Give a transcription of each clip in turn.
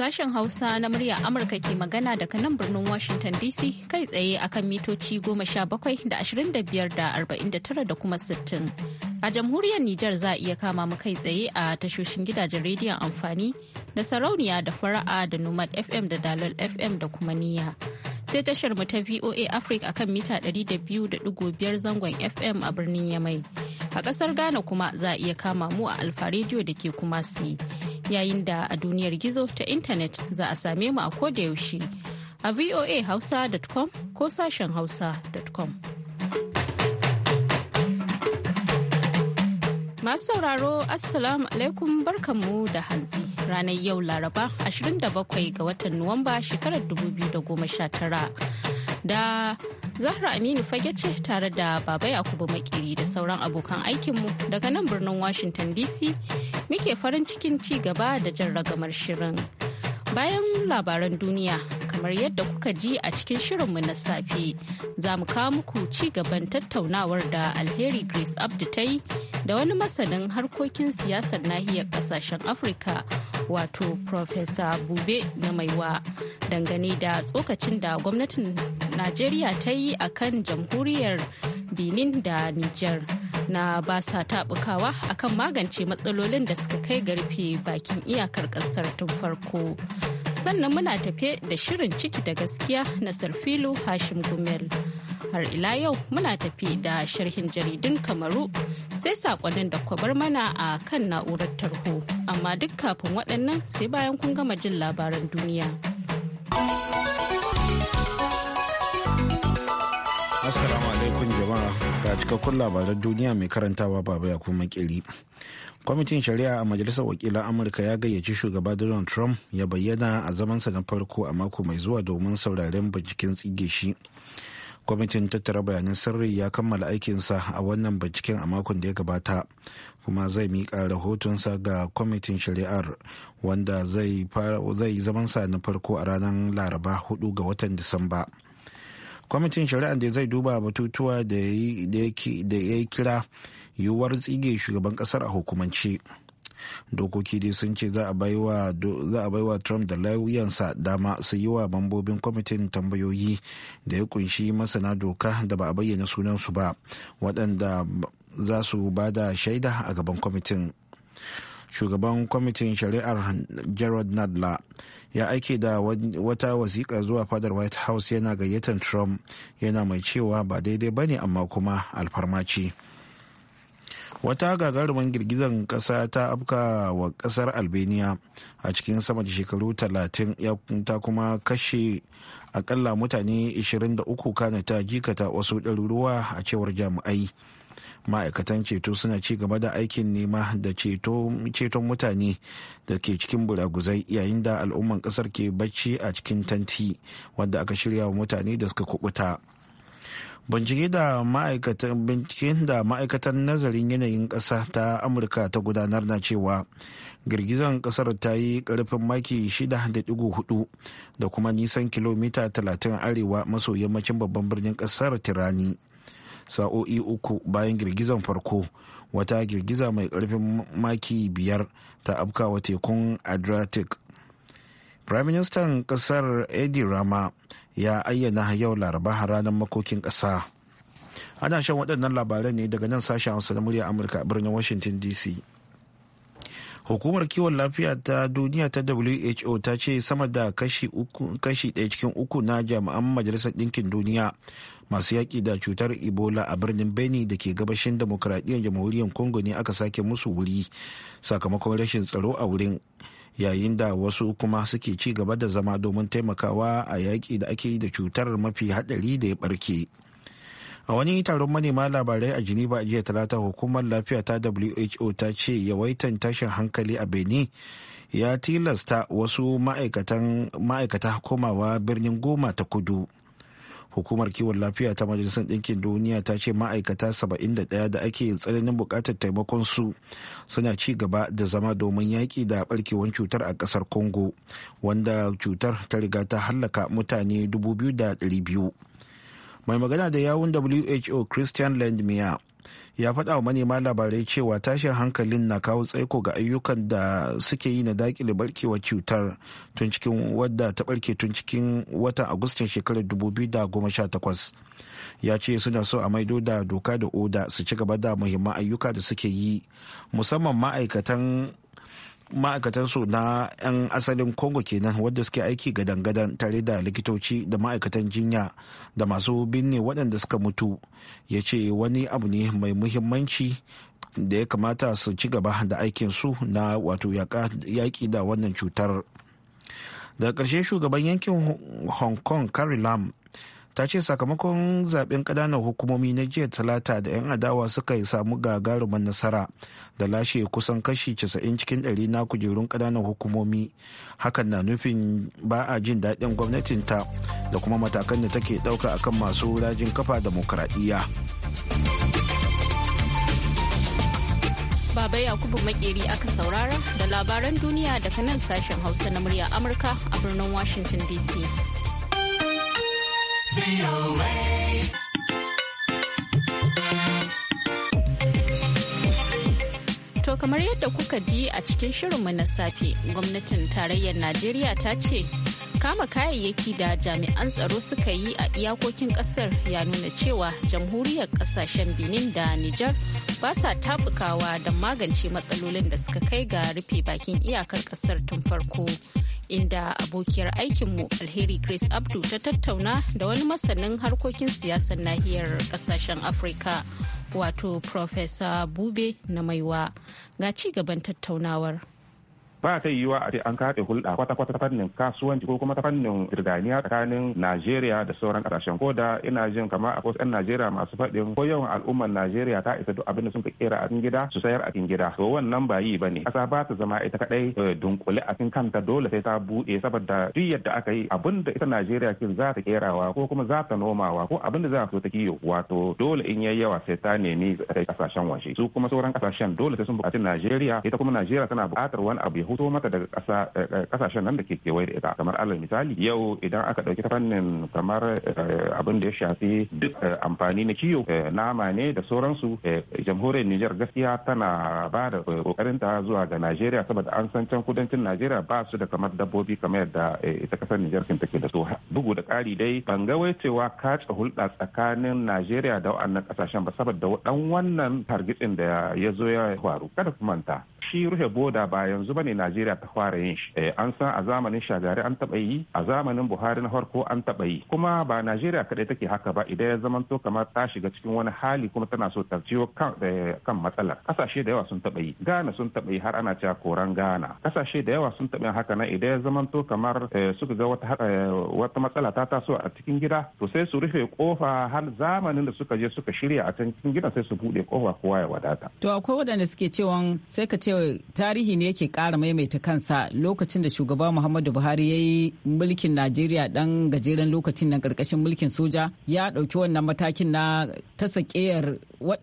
Sashen Hausa na murya Amurka ke magana daga nan birnin Washington DC kai tsaye akan mitoci 17 da 25 da 49 da kuma 60. A jamhuriyar Nijar za a iya kama mu kai tsaye a tashoshin gidajen rediyon amfani da sarauniya da fara'a da Nomad FM da Dalol FM da kuma niya Sai tashar mu ta VOA Africa akan mita 200.5 zangon FM a birnin Yamai. A ƙasar Ghana kuma za a iya kama mu a Alfa Radio da ke Kumasi. yayin da a duniyar gizo ta intanet za a same mu a kodayaushe a voa hausa.com ko sashen hausa.com. Masu sauraro Assalamu alaikum barkanmu da hantsi ranar yau Laraba 27 ga watan Nuwamba shekarar 2019 da Zahra Aminu fage ce tare da Baba Yakubu Makiri da sauran abokan aikinmu daga nan birnin Washington DC muke farin cikin ci gaba da jan ragamar shirin. Bayan labaran duniya, kamar yadda kuka ji a cikin shirinmu na safe, za mu kawo muku ci gaban tattaunawar da Alheri Grace Abdi ta yi da wani masanin harkokin siyasar nahiyar kasashen Afirka, wato Profesa Bube na Maiwa, dangane da tsokacin da gwamnatin Najeriya ta yi a kan jamhuriyar Benin da Nijar. na ba sa taɓukawa akan magance matsalolin da suka kai garfe bakin iyakar ƙasar tun farko sannan muna tafe da shirin ciki da gaskiya na sarfilu hashim gumel har ila yau muna tafi da sharhin jaridun kamaru sai sakonnin da kwabar mana a kan na'urar tarho amma duk kafin waɗannan sai bayan kun gama jin labaran duniya. Assalamu alaikum jama'a ga cikakkun labaran duniya mai karantawa baba ya kuma kiri. Kwamitin shari'a a Majalisar Wakilan Amurka ya gayyaci shugaba Donald Trump ya bayyana a zamansa na farko a mako mai zuwa domin sauraren binciken tsige shi. Kwamitin tattara bayanan sirri ya kammala aikinsa a wannan binciken a makon da ya gabata kuma zai miƙa rahotonsa ga kwamitin shari'ar wanda zai zamansa na farko a ranar Laraba 4 ga watan Disamba. kwamitin shari'a da zai duba batutuwa da ya kira yiwuwar tsige shugaban kasar a hukumance dokoki dai sun ce za a baiwa trump da lauyansa dama su yi wa mambobin kwamitin tambayoyi da ya kunshi masana doka da ba a bayyana sunansu ba waɗanda za su ba shaida a gaban kwamitin shugaban kwamitin shari'ar gerard nadler ya aike da wata wasiƙa zuwa fadar white house yana gayyatar trump yana mai cewa ba daidai ba ne amma kuma ce. wata gagarumin girgizar ƙasa ta afka wa ƙasar albania a cikin sama da shekaru 30 ta kuma kashe akalla mutane 23 kana ta jikata wasu ɗaruruwa a cewar jami'ai ma'aikatan ceto suna ci gaba da aikin nema da ceton mutane da ke cikin buraguzai yayin da al'umman kasar ke bacci a cikin tanti wadda aka shirya wa mutane da suka kubuta bincike da ma'aikatan nazarin yanayin ƙasa ta amurka ta gudanar na cewa girgizan ƙasar ta yi ƙarfin maki 6.4 da kuma nisan kilomita 30 arewa maso yammacin babban birnin ƙasar tirani sa'o'i uku bayan girgizan farko wata girgiza mai karfin maki biyar ta afkawa tekun adriatic prime minister kasar edi rama ya ayyana yau laraba ranar makokin kasa ana shan waɗannan labaran ne daga nan sashen hausa na murya amurka a birnin washington dc hukumar kiwon lafiya ta duniya ta who ta ce sama da kashi ɗaya cikin uku na jami'an majalisar ɗinkin duniya masu yaƙi da cutar ebola a birnin beni da ke gabashin demokradiyyar jamhuriyar congo ne aka sake musu wuri sakamakon rashin tsaro a wurin yayin da wasu kuma suke ci gaba da zama domin taimakawa a yaƙi da ake yi da cutar mafi haɗari da ya ɓarke a wani taron manema labarai a geneva a jiya talata hukumar lafiya ta who ta ce yawaitan tashin hankali a benin ya tilasta wasu ma'aikata komawa birnin goma ta kudu hukumar kiwon lafiya ta majalisar ɗinkin duniya ta ce ma'aikata 71 da ake tsananin buƙatar taimakon su suna ci gaba da zama domin yaƙi da ɓarkewar cutar a ƙasar congo wanda cutar ta riga ta hallaka mutane 2,200 mai magana da yawun who christian landmeyer ya faɗa wa manema labarai cewa tashin hankalin na kawo tsaiko ga ayyukan da suke yi na dakile barkewar cutar tun cikin wadda ta barke tun cikin watan agustan shekarar 2018 ya ce suna so a maido da doka da oda su ci gaba da muhimman ayyuka da suke yi musamman ma'aikatan ma'aikatansu na 'yan asalin congo kenan wadda suke aiki gadan-gadan tare da likitoci da ma'aikatan jinya da masu binne waɗanda suka mutu ya ce wani abu ne mai muhimmanci da ya kamata su ci gaba da aikinsu na wato yaƙi da wannan cutar daga ƙarshe shugaban yankin hong kong carrie lam ta ce sakamakon zaben ƙananan hukumomi na jiya talata da 'yan adawa suka yi samu gagarumin nasara da lashe kusan kashi 90 cikin 100 na kujerun ƙananan hukumomi hakan na nufin ba a jin daɗin gwamnatinta da kuma matakan da take ɗauka akan masu rajin kafa demokradiyya. Baba Yakubu Makeri aka saurara da labaran duniya daga nan sashen Hausa na murya Amurka a birnin Washington DC. To kamar yadda kuka ji a cikin shirinmu na safe, gwamnatin tarayyar Najeriya ta ce, kama kayayyaki da jami'an tsaro suka yi a iyakokin kasar ya nuna cewa jamhuriyar kasashen Benin da Nijar ba sa tabukawa don magance matsalolin da suka kai ga rufe bakin iyakar kasar tun farko. inda abokiyar aikinmu alheri Grace Abdu ta tattauna da wani masanin harkokin siyasar nahiyar kasashen Afirka wato Professor Bube na Maiwa ga ci gaban tattaunawar. ba ta yiwa a ce an kaɗe hulɗa kwata-kwata ta fannin kasuwanci ko kuma ta fannin birganiya tsakanin Najeriya da sauran ƙasashen ko da ina jin kama akwai 'yan Najeriya masu faɗin ko yawan al'ummar Najeriya ta isa duk abin da sun kera a cikin gida su sayar a cikin gida to wannan ba yi ba ne ƙasa ba ta zama ita kaɗai e, dunkule a cikin kanta dole sai ta buɗe saboda duk yadda aka yi abinda da ita Najeriya kin za ta kerawa ko kuma za ta nomawa ko abin da za ta kiyo wato dole in yayi yawa sai ta nemi kasashen waje su kuma sauran kasashen dole sai sun buƙaci Najeriya ita kuma Najeriya tana buƙatar wani abu fito mata daga kasashen eh, eh, nan da ke kewaye da ita kamar alal misali yau idan aka ɗauki fannin kamar eh, abin da ya shafi duk amfani na kiyo nama ne da sauransu jamhuriyar Nijar gaskiya tana ba da ta zuwa ga Najeriya saboda an san can kudancin Najeriya ba su da kamar dabbobi kamar yadda ita kasar Nijar kin take da su. bugu da ƙari dai ban ga cewa kace hulɗa tsakanin Najeriya da waɗannan kasashen ba saboda dan wannan targitsin da ya zo ya faru kada ku manta shi rufe boda ba yanzu bane Najeriya ta fara yin shi. Eh, an san a zamanin Shagari an taɓa yi, a zamanin Buhari na farko an taɓa yi. Kuma ba Najeriya kaɗai take haka ba idan ya zamanto kamar ta shiga cikin wani hali kuma tana so ta ciwo eh, kan matsalar. Kasashe da yawa sun taɓa yi. Ghana sun taɓa yi har ana cewa koran Ghana. Kasashe da yawa sun taɓa haka na idan ya zamanto kamar eh, suka ga wata matsala ta taso a cikin gida to sai su rufe kofa har zamanin da suka je suka shirya a cikin gida sai su buɗe kofa kowa ya wadata. To akwai waɗanda suke cewa sai ka ce tarihi ne yake ƙara mai maimaita kansa lokacin da shugaba muhammadu buhari ya yi mulkin najeriya dan gajeren lokacin nan karkashin mulkin soja ya ɗauki wannan matakin na ta sakeyar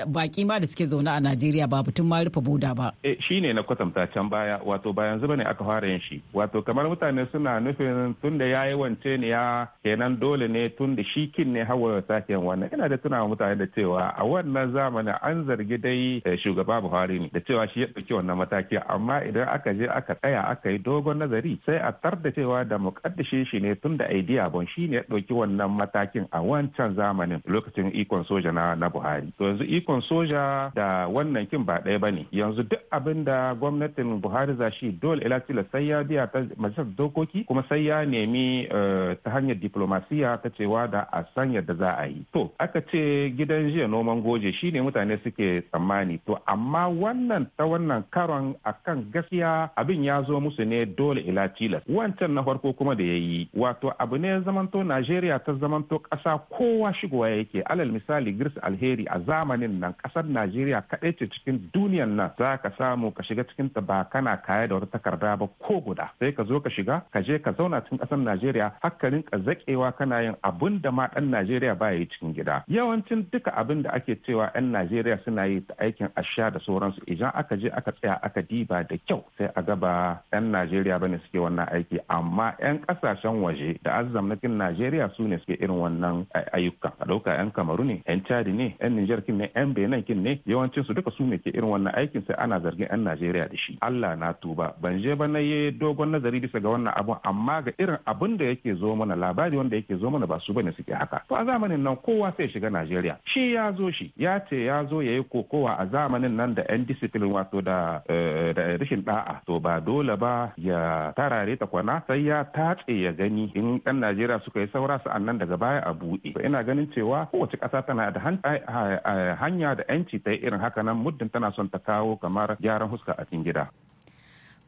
baki ma da suke zaune a Najeriya ba batun ma rufe boda ba. E, shi ne na kwatanta can baya wato bayan zuba ne aka fara yin shi wato kamar mutane suna nufin tun ya yi wance ne ya kenan dole ne tun shi kin ne hawa sake wannan ina da tunawa mutane da cewa a wannan zamanin an zargi dai eh, shugaba Buhari ne da cewa shi ya ɗauki wannan mataki amma idan aka je aka tsaya aka yi dogon nazari sai a tar da cewa da mukaddashin shi ne tun da aidiya bon shi ne ya ɗauki wannan matakin a wancan zamanin lokacin ikon soja na Buhari to yanzu ikon soja da wannan kin ba ɗaya ba ne yanzu duk abin da gwamnatin buhari za shi dole ilatila sai ya biya ta majalisar dokoki kuma sai ya nemi eh, ta hanyar diplomasiya ta cewa da a san yadda za a yi to aka ce gidan jiya noman goje shine mutane suke tsammani to amma wannan ta wannan karon akan gaskiya abin ya zo musu ne dole ila wancan na farko kuma da ya yi wato abu ne zamanto najeriya ta zamanto ƙasa kowa shigowa yake alal misali girs alheri a zamani zamanin nan kasar najeriya kaɗai ce cikin duniyan nan za ka samu ka shiga cikin ta ba kana kaya da wata takarda ba ko guda sai ka zo ka shiga ka je ka zauna cikin kasar najeriya hakkalin ka zakewa kana yin abun da ma ɗan najeriya ba yi cikin gida yawancin duka abin da ake cewa 'yan najeriya suna yi ta aikin asha da sauransu idan aka je aka tsaya aka diba da kyau sai a gaba 'yan najeriya ba ne suke wannan aiki amma 'yan kasashen waje da azzamnakin najeriya su ne suke irin wannan ayyuka a ɗauka 'yan kamaru ne 'yan chadi ne 'yan nijar ne yan benin kin ne yawancin su duka su ne ke irin wannan aikin sai ana zargin yan najeriya da shi allah na tuba ban je ba na yi dogon nazari bisa ga wannan abun amma ga irin abun da yake zo mana labari wanda yake zo mana ba su bane suke haka to a zamanin nan kowa sai shiga najeriya shi ya zo shi ya ce ya zo ya yi kokowa a zamanin nan da yan discipline wato da eh, rashin da'a to ba dole ba ya tarare ta kwana sai ya tatse ya gani in yan najeriya suka yi saura sa'an nan daga baya a buɗe ina ganin cewa kowace ƙasa tana da hanya da 'yanci ta irin haka nan muddin tana son ta kawo kamar gyaran huska a cikin gida.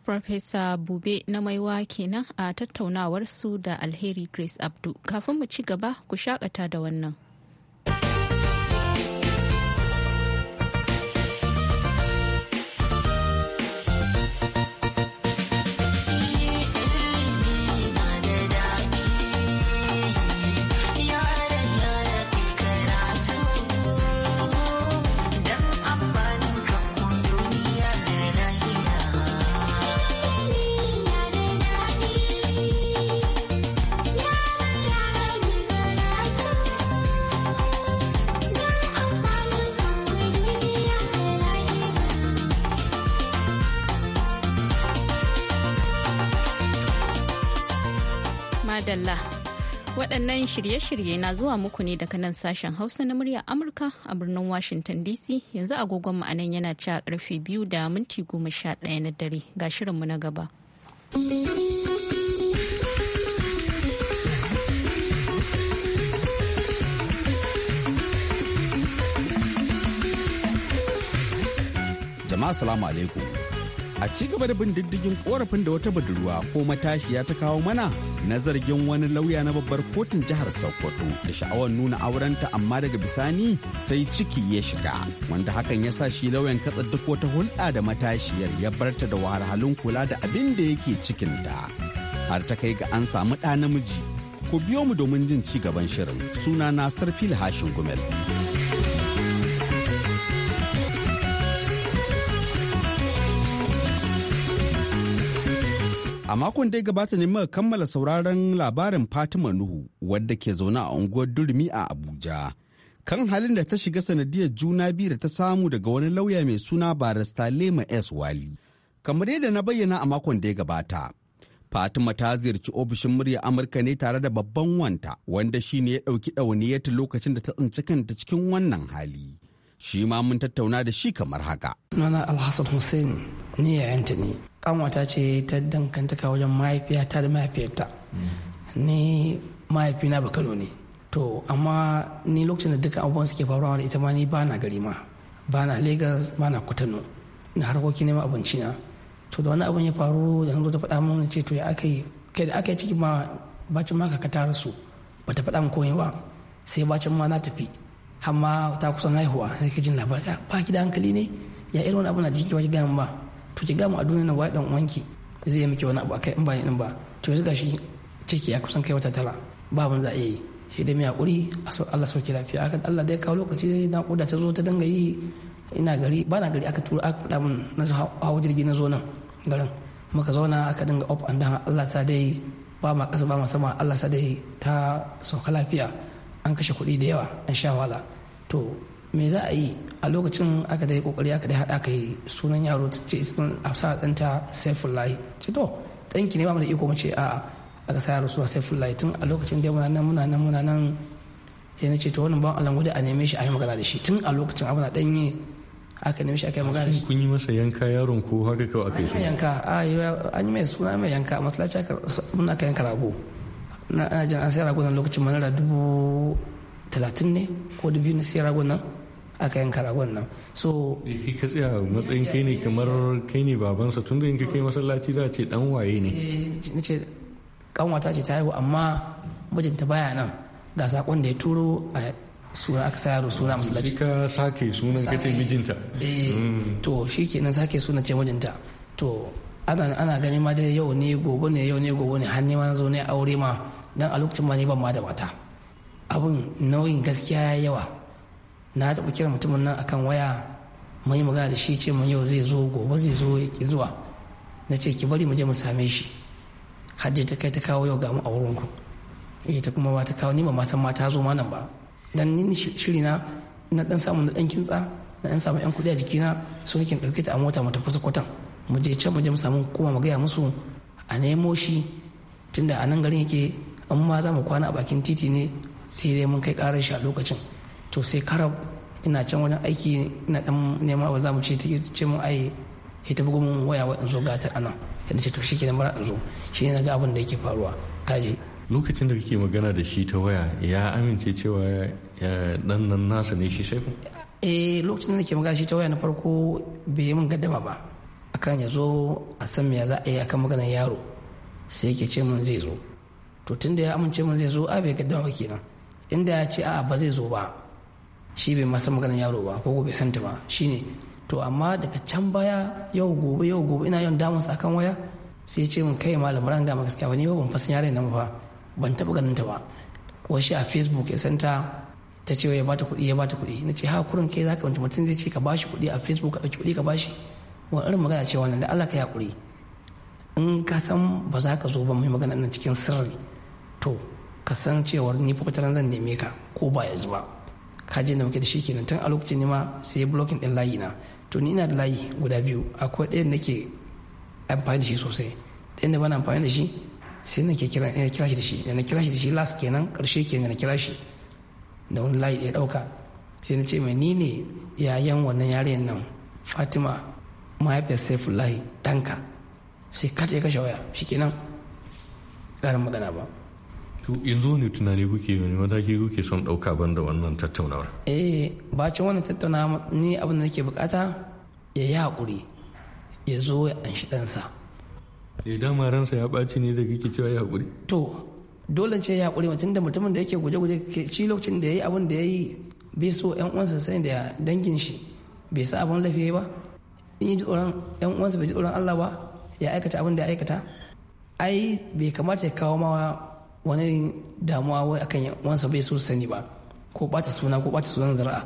Farfesa Bube na maiwa kenan a tattaunawar su da Alheri Grace Abdu. Kafin mu ci gaba ku shakata da wannan. madalla waɗannan shirye-shirye na zuwa muku ne daga nan sashen hausa na murya amurka a birnin washington dc yanzu agogon ma'anan yana ci a karfe biyu da minti goma sha ɗaya na dare ga shirinmu na gaba jama'a salamu alaikum a ci gaba da bin diddigin korafin da wata budurwa ko matashiya ta kawo mana na zargin wani lauya na babbar kotun jihar sokoto da sha'awar nuna aurenta amma daga bisani sai ciki ya shiga wanda hakan ya sa shi lauyan katsa duk wata hulɗa da matashiyar ya barta da wahalhalun kula da abin da yake cikinta har ta kai ga an samu ɗa namiji ku biyo mu domin jin ci gaban shirin suna na sarfil hashin gumel. A makon da ya gabata ne muka kammala sauraron labarin Fatima Nuhu wadda ke zaune a unguwar Durmi a Abuja. Kan halin da ta shiga sanadiyar juna biyu da ta samu daga wani lauya mai suna barista Lema S. Wali. Kamar yadda na bayyana a makon da ya gabata. Fatima ta ziyarci ofishin murya Amurka ne tare da babban wanta wanda shi ne ya ɗauki ɗawaniyarta lokacin da ta tsinci kanta cikin wannan hali. Shi ma mun tattauna da shi kamar haka. Nana Alhassan Hussein ni yanta ne kanwata ce ta dankantaka wajen mahaifiyata da mahaifiyarta mm. ni mahaifina ba kano ne to amma ni lokacin da dukkan abubuwan suke faruwa da ita ma ni ba na gari ma ba na lagos ba na kwatano na harkoki neman abinci na to da wani abin ya faru da zo ta faɗa mun ce to ya aka yi kai da aka yi ciki ma bacin ma ka ta rasu ba ta faɗa min komai ba sai bacin ma na tafi amma ta kusan haihuwa sai ka jin labari ba ki da hankali ne ya irin wani abu na jiki ba ki gaya ba to ki gama a duniya na waye dan ki zai miki wani abu akai in ba in ba to yanzu gashi ciki ya kusan kai wata tara ba mun za a yi sai dai mai hakuri Allah sauke lafiya aka Allah dai kawo lokaci na koda ta zo ta danga yi ina gari ba na gari aka tura aka faɗa mun na hawo jirgi na zo nan garin muka zauna aka dinga up and down Allah ta dai ba ma kasa ba ma sama Allah sa dai ta sauka lafiya an kashe kuɗi da yawa an sha wala to me za a yi a lokacin aka dai kokari aka dai hada kai sunan yaro ta ce sunan afsa danta saifullahi ce to danki ne ba mu da iko mu mace a aka sa yaro suna saifullahi tun a lokacin dai muna nan muna nan muna nan sai na ce to wannan ban Allah gudu a neme shi a yi magana da shi tun a lokacin abu na danye aka neme shi aka yi magana da shi kun yi masa yanka yaron ko haka kawai aka yi suna yanka a yi an yi mai suna mai yanka masallaci muna ka yanka rago na jan an sai rago nan lokacin manara dubu talatin ne ko dubu biyu na sai rago nan aka yanka ragon nan so eh, ki ka tsaya matsayin kai ne kamar kai ne babansa tunda in kai masallaci za ce dan waye ne eh, nace kanwata ce ta haihu amma mijinta baya nan ga sakon da ya turo a suna aka sa yaro suna masallaci ka sake sunan kace mijinta eh hmm. to shikenan sake sunan ce mijinta to ana ana ganin ma dai yau ne gobe ne yau ne gobe ne har ne ma zo ne aure ma dan a lokacin ma ne ban ma da mata abun nauyin gaskiya ya yawa na taɓa kira mutumin nan akan waya mun yi magana da shi ce mun yau zai zo gobe zai zo ya ki zuwa na ce ki bari mu je mu same shi hadda ta kai ta kawo yau ga mu a wurinku ita eh, kuma ba ta kawo ni ba ma san ma ta zo ma nan ba dan ni shiri na na dan samu na dan kintsa na dan samu yan kuɗi a jikina so nake ɗauke ta a mota mu tafi kwatan mu je can mu je mu samu kuma mu gaya musu a nemo shi tunda a nan garin yake amma za mu kwana a bakin titi ne sai dai mun kai karar shi a lokacin to sai karab ina can wajen aiki na dan nema ba za mu ce ce mu ai shi tafi gumin waya wa in zo gata anan yadda ce to shi kenan bara in zo shi ne na ga abin da yake faruwa kaji lokacin da kike magana da shi ta waya ya amince cewa dan nan nasa ne shi sai eh lokacin da ke magana shi ta waya na farko bai yi min gaddama ba akan ya zo a san me za a yi akan maganar yaro sai yake ce min zai zo to tunda ya amince min zai zo a bai gaddama ba kenan inda ya ce a ba zai zo ba shi bai masa magana yaro ba ko bai santa ba Shi ne to amma daga can baya yau gobe yau gobe ina yawan damun sa kan waya sai ce mun kai malam ran ga gaskiya ba ni ba ban fasin yare nan ba ban taba ganin ta ba wasu a facebook ya santa ta ce ya bata kuɗi ya bata kuɗi na ce ha kurin kai zaka wanda mutum zai ce ka bashi kuɗi a facebook ka ɗauki kuɗi ka bashi wani irin magana ce wannan da Allah ka hakuri in ka san ba za ka zo ba mai magana nan cikin sirri to ka san cewar ni fa zan neme ka ko ba ya zuwa Ka ji na muke da shi kenan tun a lokacin ne ma sai blocking din layi na to ni ina da layi guda biyu akwai ɗaya da nake amfani da shi sosai ɗaya da bana amfani da shi sai na kira kira shi da shi da kira shi da shi last kenan karshe kenan na kira shi da wani layi ya ɗauka sai na ce mai ni ne yayan wannan yaren nan fatima mahaifiyar saifullahi ɗanka sai kata ya kashe waya shi kenan ƙarin magana ba yanzu ne tunani kuke wani ke kuke son ɗauka ban da wannan tattaunawar eh bacin wannan tattaunawa ni abin da nake bukata ya yi hakuri ya zo ya anshi ɗansa ya eh, dama ransa ya ɓaci ne da kake cewa ya haƙuri to dole ce ya haƙuri mutum da mutumin da yake guje-guje ke ci lokacin da ya yi abin da ya yi bai so yan uwansa sai da dangin shi bai sa abin lafiya ba in yi tsoron yan uwansa bai ji tsoron Allah ba ya aikata abin da ya aikata ai bai kamata ya kawo ma wani damuwa wai akan wansa bai so sani ba ko bata suna ko bata sunan zara'a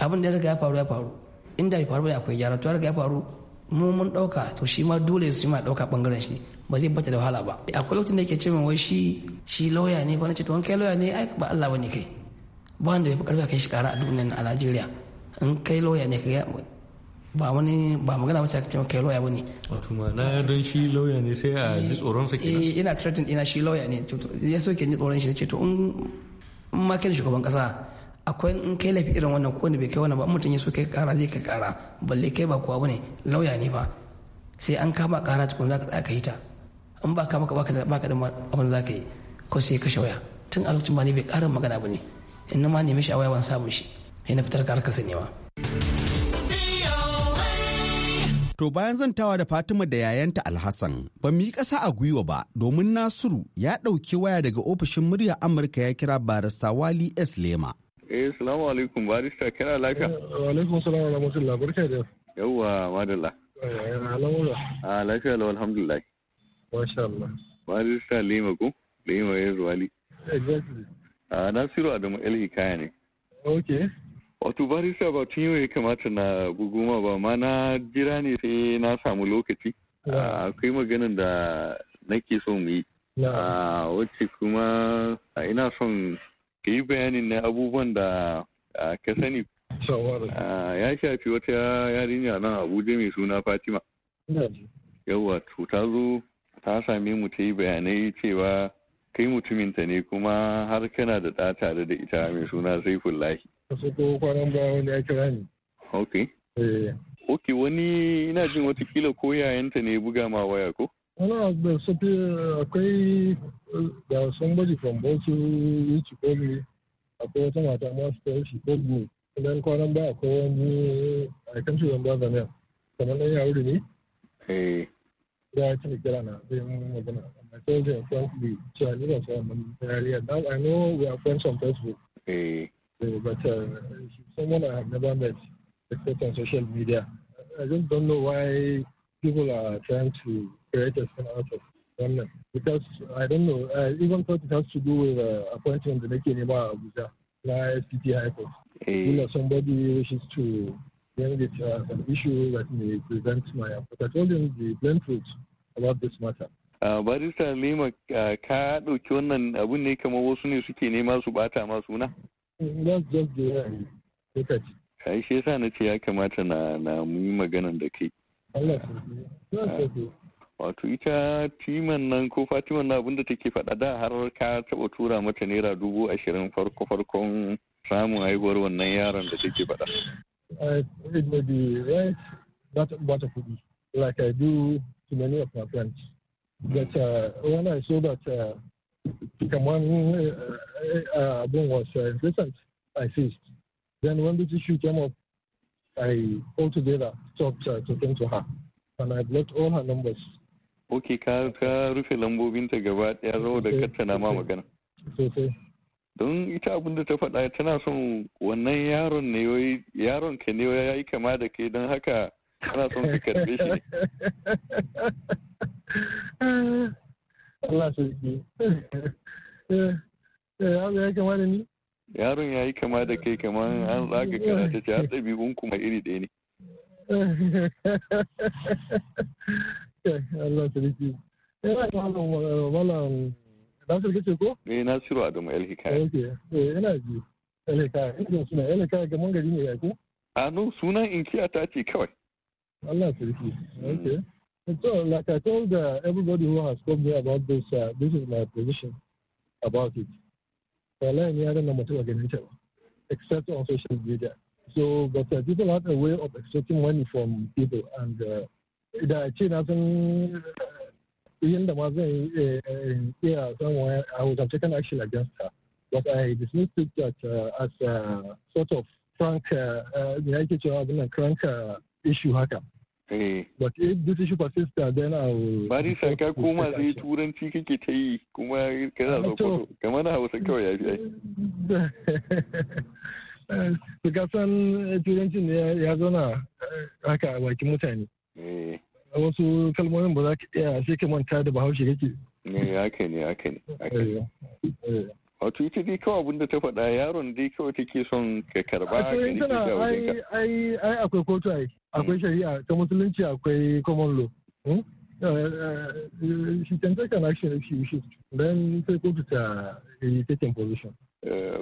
abin da ya riga ya faru ya faru inda bai faru ba akwai gyara to ya riga ya faru mu mun dauka to shi ma dole su ma dauka bangaren shi ba zai bata da wahala ba akwai lokacin da yake ce min wai shi shi lauya ne ba na ce to kai lauya ne ai ba Allah bane kai ba wanda bai fi karfi kai shi kara a duniyar a Najeriya in kai lauya ne kai ba wani ba magana wacce cewa kai lawyer bane wato ma na don shi lawyer ne sai a ji tsoron sa kenan eh ina threatened ina shi lawyer ne to ya so ke ni tsoron shi nace to in in ma kai shugaban kasa akwai in kai lafi irin wannan ko ne bai kai wannan ba mutun ya so kai kara zai ka kara balle kai ba kuwa bane lawyer ne ba sai an kama kara tukun zaka tsaya ka yi ta in ba kama ka baka da baka da abin zaka yi ko sai ka shawaya tun a lokacin ba ne bai karin magana bane in ma nemi shi a waya wani samun shi yana fitar ka harkar sanewa To bayan zantawa da Fatima da yayanta Alhassan, ba mu yi ƙasa a gwiwa ba domin Nasiru ya ɗauki waya daga ofishin murya Amurka ya kira barista Wali S. Lema. Eh, salamu alaikum barista kira lafiya. Eh, alaikum wa rahmatullah barka da. Yawwa madalla. Eh, alhamdulillah. Ah, lafiya lau alhamdulillah. Masha Allah. Barista Lema ko? Lema ya Wali. Exactly. Ah, Nasiru Adamu El Hikaya ne. Okay. Wato barista ba tun yau ya kamata na guguma ba ma na jira ne sai na samu lokaci. Ah, akwai maganin da nake so mu yi. Ah, wacce kuma ah, ina son ka yi bayanin na abubuwan da ka sani. Ya shafi wata yarinya nan Abuja mai suna Fatima. Yawwa to ta zo ta same mu ta yi bayanai cewa kai mutuminta ne kuma har kana da ɗa tare da ita mai suna sai Saifullahi. su ko kwanan ba wani ya kira ni ok eh ok wani ina jin wata watakila ko yayanta ne buga ma waya ko wani da sufi akwai da somebody from bosu which called me akwai wata mata masu ta shi ko me idan kwanan baya akwai wani a kan shi zamba zane kamar ɗan yawuri ne eh ya ci kira na zai mun magana amma sai zai frankly cewa ni ba sa mun yariya now i know we are friends on facebook eh but uh, someone I have never met except on social media. I just don't know why people are trying to create a scene out of oneness because I don't know. I uh, even thought it has to do with uh, appointing the Neke Nema Abuja, the SPT High Court. Mm. You know, somebody wishes to bring it as uh, an issue that may prevent my appointment. I told him the plain truth about this matter. barista lima ka ɗauki wannan abun ne kamar wasu ne suke nema su bata ma suna? that's just the way look ai shi yasa na ce ya kamata na na yi maganan da kai ah. wato ita timan nan ko fatiman na abinda take faɗa da har ka taɓa tura mata naira dubu ashirin farko farkon samun haihuwar wannan yaron da take faɗa ah, it may be right not about kuɗi like i do to many of my friends that uh, when i saw that uh, kamar eh, eh, eh, abin was uh, recent, I faced. Then when this issue came up, I altogether stopped uh, talking to her. And I blocked all her numbers. Ok, ka rufe lambobinta gaba ɗaya saboda kattana ma magana. Sosai. Don ita abin da ta faɗa tana son wannan yaron ne yaron ka ne ya yi kama da kai don haka tana son ka karbe shi. Allah sarki yaro eh, eh, ya kama da ni yaron ya yi kama da kai kamar an tsaga karata ce har ɗabi'un kuma iri ɗaya ne eh, Allah sarki yana kama da malam Nasir kace ko? Eh Nasiru Adamu El Hikaya. Okay, eh ina ji. El Hikaya, ina suna El Hikaya ga mangari ne ya ko? A no sunan inkiya ta ce kawai. Allah sarki. Okay. And so, like I told uh, everybody who has told me about this, uh, this is my position about it. except on social media. So, but uh, people have a way of extracting money from people, and uh, the chain hasn't. Even the Muslim, yeah, someone I would have taken action against her, but I dismissed it that, uh, as a uh, sort of frank, uh, uh, crank uh, issue, hacker. Hey. But if this issue persists, then I will. Bari saka koma sai turanci kake ta yi kuma kana sokoto kamar na hausa kawai ya fi ka san turancin ne ya zauna haka a bakin mutane. Wasu kalmomin ba za ka iya sai ka manta da bahaushe kake. Ne haka ne haka ne. Wato ita dai kawai abinda ta faɗa yaron dai kawai take son ka karba ka ne ke jawo ka. Ai akwai kotu ai. akwai mm. shari'a ta musulunci akwai common law hmm? eh, eh, eh, shi can take an action if she wishes then sai kotu ta yi taking position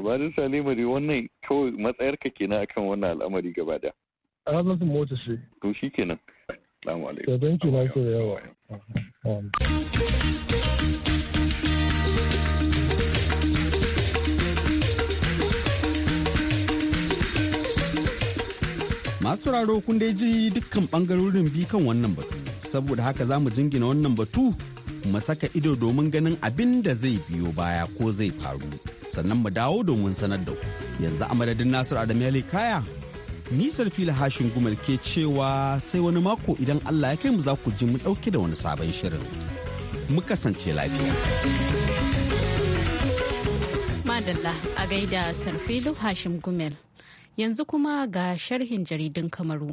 Bada Salima dai wannan kawai matsayarka kenan akan wannan al'amari gaba da. A ranar mota shi. To shi kenan. Salamu alaikum. Sabanki na so yawa. sauraro kun dai ji dukkan bangarorin bi kan wannan batu saboda haka za mu jingina wannan batu mu saka ido domin ganin abin da zai biyo baya ko zai faru sannan mu dawo domin sanar da ku yanzu a madadin nasir adam ya kaya nisar fila hashin gumal ke cewa sai wani mako idan allah ya kai mu za ku ji mu ɗauke da wani sabon shirin mu kasance lafiya madalla a gaida sarfilu hashim gumel Yanzu kuma ga sharhin jaridun Kamaru.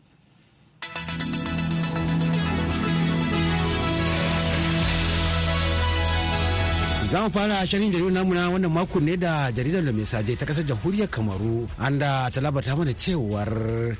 Za mu fara shirin jaridar namu na wannan makon ne da jaridar da misaje ta kasar jamhuriyar Kamaru an da talaba ta mana cewar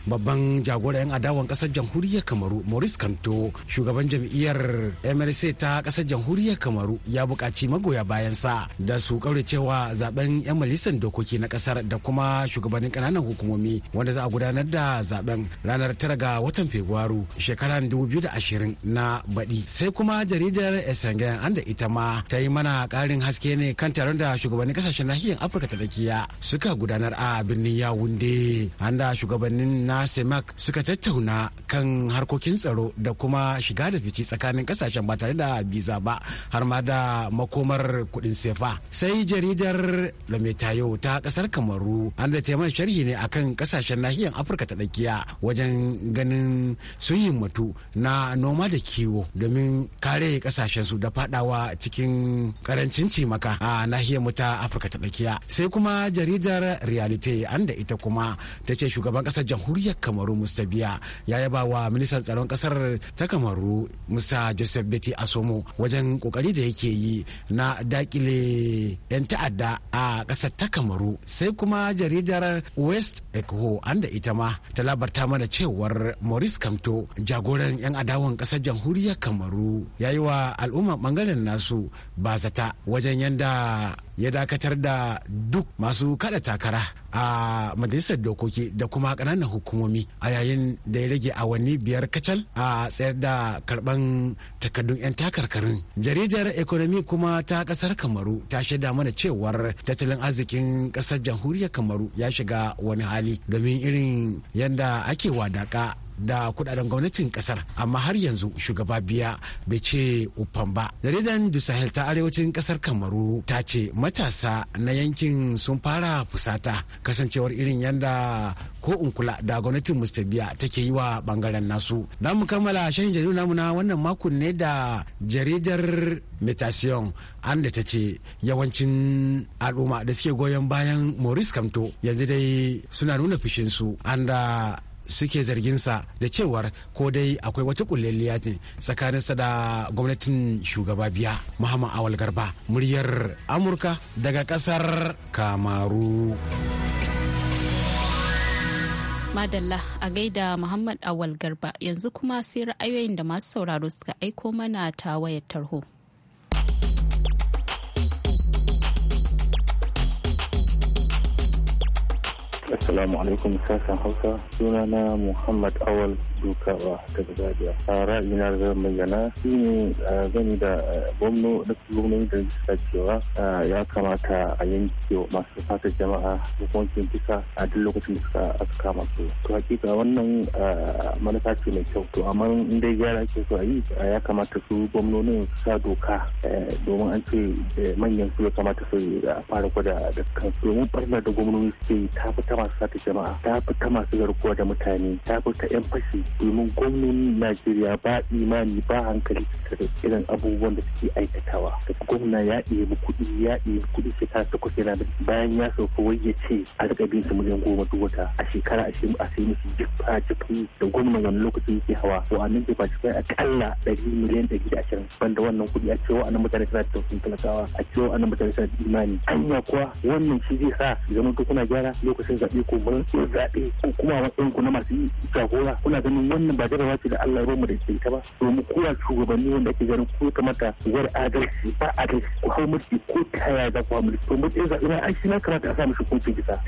babban jagora yan adawan kasar jamhuriyar Kamaru Maurice Kanto shugaban jam'iyyar MRC ta kasar jamhuriyar Kamaru ya bukaci magoya bayansa da su kaure cewa zaben yan majalisar dokoki na kasar da kuma shugabannin kananan hukumomi wanda za a gudanar da zaben ranar tara ga watan Fabrairu shekarar ashirin na baɗi sai kuma jaridar Esengen an da ita ma ta yi mana ƙari ƙarin haske ne kan taron da shugabannin kasashen nahiyar afirka ta tsakiya suka gudanar a birnin yawunde an da shugabannin na semak suka tattauna kan harkokin tsaro da kuma shiga da fice tsakanin kasashen ba tare da biza ba har ma da makomar kuɗin sefa sai jaridar lametayo ta kasar kamaru an da taimakon sharhi ne akan kasashen nahiyar afirka ta tsakiya wajen ganin sun yi mutu na noma da kiwo domin kare kasashen su da fadawa cikin ƙarar kudancin cimaka a nahiyar mu ta afirka ta tsakiya sai kuma jaridar realite an da ita kuma ta ce shugaban kasar jamhuriyar kamaru musta biya ya yaba wa ministan tsaron kasar ta kamaru musta joseph beti asomo wajen kokari da yake yi na dakile yan ta'adda a kasar ta kamaru sai kuma jaridar west echo an da ita ma ta labarta mana cewar maurice kamto jagoran yan adawan kasar jamhuriyar kamaru ya yi wa al'umma bangaren nasu ba zata. wajen yadda ya dakatar da duk masu kada takara a majalisar dokoki da kuma ƙananan hukumomi a yayin da ya rage awanni biyar kacal a tsayar da karban takardun 'yan takarkarin jaridar economy kuma ta ƙasar kamaru ta shaida mana cewar tattalin arzikin ƙasar jamhuriyar kamaru ya shiga wani hali domin irin yadda ake wadaka da kudaden gwamnatin kasar amma har yanzu shugaba biya bai ce uffan ba jaridan dusahel ta arewacin kasar kamaru ta ce matasa na yankin sun fara fusata kasancewar irin yanda ko in kula da gwamnatin mr biya take yi wa bangaren nasu za mu kammala shan jaridu namu na wannan makon ne da jaridar metasion an da ta ce yawancin al'umma da suke goyon bayan maurice kamto yanzu dai suna nuna fushinsu an da suke zarginsa da cewar ko dai akwai wata kulleliya ne tsakaninsa da gwamnatin shugaba biya muhammad awal garba muryar amurka daga kasar kamaru madalla a gaida muhammad awal garba yanzu kuma sai ra'ayoyin da masu sauraro suka aiko mana ta wayar tarho Assalamu alaikum sassan Hausa suna na Muhammad Awal Dukawa daga Zabiya. A ra'ayina da zan bayyana shi ne gani da gwamno da gwamnoni da suka cewa ya kamata a yanke masu fata jama'a hukuncin kisa a duk lokacin da suka aka kama su. To hakika wannan manufa ce mai kyau. To amma in dai gyara ake so a yi ya kamata su gwamnonin su sa doka domin an ce eh, manyan su ya kamata su fara gwada da kansu. Domin ɓarnar da gwamnoni suke ta fita masu sata jama'a ta fi ta masu garkuwa da mutane ta fi ta 'yan fashi domin gwamnonin najeriya ba imani ba hankali da irin abubuwan da suke aikatawa da gwamna ya ɗebi kuɗi ya ɗebi kuɗi shekara ta yana da bayan ya sauka wai ya ce a riƙa bin su miliyan goma duk wata a shekara a shi a sai musu jifa jifi da gwamna wani lokacin yake hawa to a nan jifa jifa akalla ɗari miliyan ɗari da ashirin banda wannan kuɗi a cewa anan mutane suna da tausayin talakawa a cewa anan mutane suna da imani hanya kuwa wannan shi zai sa zama kuna gyara lokacin zaɓe ko mun zaɓe ko kuma matsayin ku na masu yi jagora kuna ganin wannan ba jarabawa ce da Allah ya bamu da ke ta ba domin kowa shugabanni wanda ake ganin ko kamata wani adalci ba adalci ko hau mulki ko ta yaya za ku hau mulki to matsayin zaɓe na aiki na kamata a sa mishi hukuncin kisa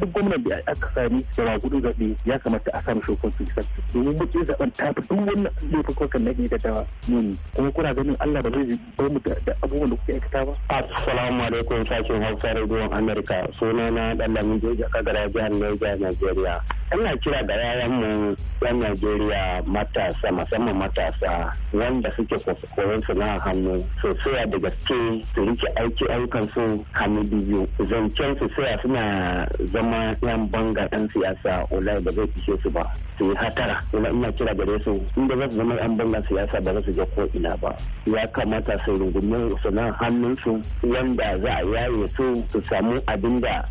duk gwamnan da aka sami da ba gudun zaɓe ya kamata a sa mishi hukuncin kisa domin matsayin zaɓen ta fi duk wannan laifukan na ke da dawa nuni kuma kuna ganin Allah ba zai bar mu da abubuwan da kuke aikata ba. Assalamu alaikum sashen Hausa Radio Amerika sunana Dallamin Jeji Kadar Ikara jihar Niger Nigeria. Ina kira da mu yan Najeriya matasa musamman matasa wanda suke koyon sana'a hannu su tsaya da gaske su rike aiki ayyukan su hannu biyu zancen su tsaya suna zama yan banga ɗan siyasa wallahi ba zai fice su ba su yi hatara kuma ina kira gare su inda za su zama yan bangan siyasa ba za su je ko ina ba ya kamata su su sana'a hannun su wanda za a yaye su su samu abin da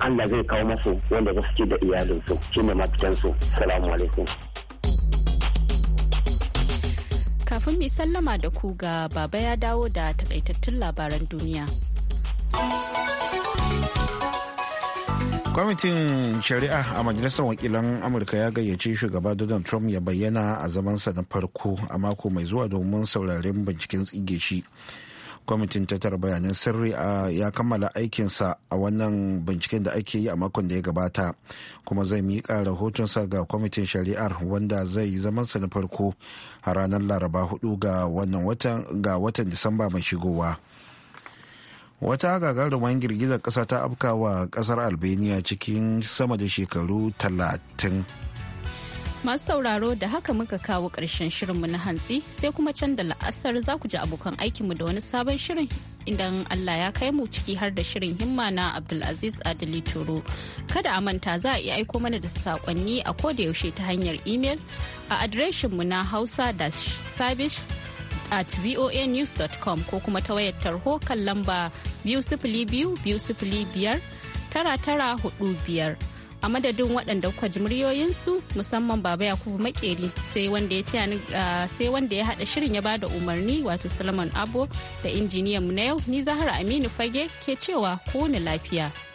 Allah zai kawo masu wanda ba su da iyalinsu shi ne matukansu salamu alaikum kafin mai sallama da ku ga baba ya dawo da takaitattun labaran duniya kwamitin shari'a a majalisar wakilan amurka ya gayyace shugaba donald trump ya bayyana a zamansa na farko a mako mai zuwa domin sauraren binciken tsige shi kwamitin tattara bayanan sirri ya kammala aikinsa a wannan binciken da ake yi a makon da ya gabata kuma zai miƙa rahotonsa ga kwamitin shari'ar wanda zai yi zamansa na farko a ranar laraba 4 ga wannan watan ga watan disamba mai shigowa wata gagarumar girgizar ƙasa ta afkawa ƙasar albania cikin sama da shekaru talatin. Masu sauraro da haka muka kawo ƙarshen shirinmu na hantsi sai kuma can da la'asar za ku ji abokan aikinmu da wani sabon shirin idan Allah ya kai mu ciki har da shirin himma na Abdulaziz Adili Turo. Kada a manta za a iya aiko mana da saƙonni a koda yaushe ta hanyar imel a adireshinmu na hausa da service at voanews.com ko kuma ta wayar tarho kan lamba biyu biyar tara tara hudu biyar. a madadin waɗanda kuka ji muryoyinsu musamman baba yakubu makeri sai wanda ya haɗa shirin ya bada umarni wato solomon abo da injiniyan mu na yau ni zahara aminu fage ke cewa kowane lafiya.